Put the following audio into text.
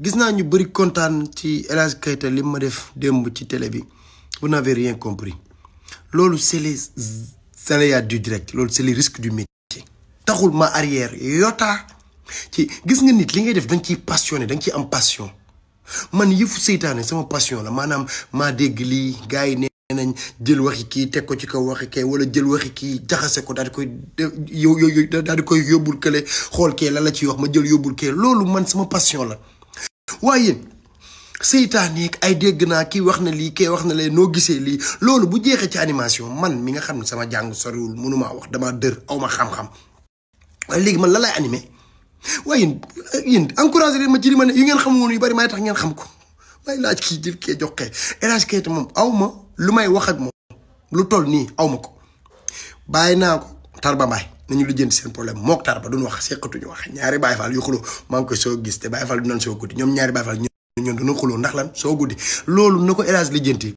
gis naa ñu bëri kontaan ci El Keita li ma def démb ci télé bi vous avez rien compris loolu c'est les aléas du direct loolu c'est les risques du métier taxul ma arrière yotaa ci gis nga nit li ngay def da nga ciy passionné da nga ciy am passion man yëfu seytaane sama passion la maanaam maa dégg lii gars yi nee nañ jël waxi kii teg ko ci kaw waxi kee wala jël waxi kii jaxase ko daal di koy yow yow daal di koy yóbbul kële xool kee lan la ci wax ma jël yóbbul kee loolu man sama passion la waaye seytaaneeg ay dégg naa kii wax na lii kii wax na lee noo gisee lii loolu bu jeexee ci animation man mi nga xam ne sama jàng soriwul mënuma wax damaa dër aw ma xam-xam waaye léegi man la lay animé waaye yéen encouragé leen ma ci ma ne yi ngeen xamul woon yu bari may tax ngeen xam ko may laaj kii jël kee jox kee Elaj Keita moom aw ma lu may wax ak moom lu toll nii awma ko bàyyi naa ko Tarba Mbaye nañu lijjanti seen problème Moktar ba duñu wax seqatuñu wax ñaari Baye Fall yu xuloo maa ngi koy soo gis te Baye Fall du soo guddi ñoom ñaari Baye Fall ñoom ñoom xuloo ndax lan soo guddi loolu na ko lijjanti